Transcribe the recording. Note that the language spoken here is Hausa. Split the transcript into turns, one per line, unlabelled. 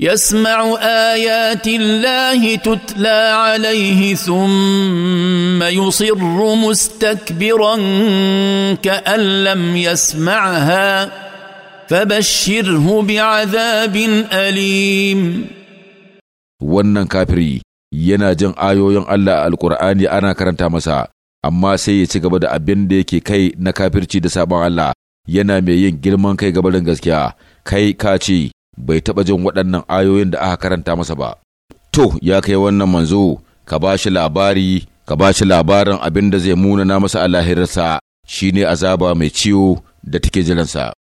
يسمع ايات الله تتلى عليه ثم يصر مستكبرا كان لم يسمعها فبشره بعذاب اليم
wannan kafiri yana jin ayoyin Allah alkur'ani ana karanta masa amma sai ya ci gaba da abin da yake kai na kafirci da sabon Allah yana mai yin girman kai gabarin gaskiya kai ka ce bai taɓa jin waɗannan ayoyin da aka karanta masa ba. To, ya kai wannan manzo, ka ba shi labari, ka ba shi labarin abin da zai munana masa a lahirarsa shi ne azaba mai ciwo
da take jiransa.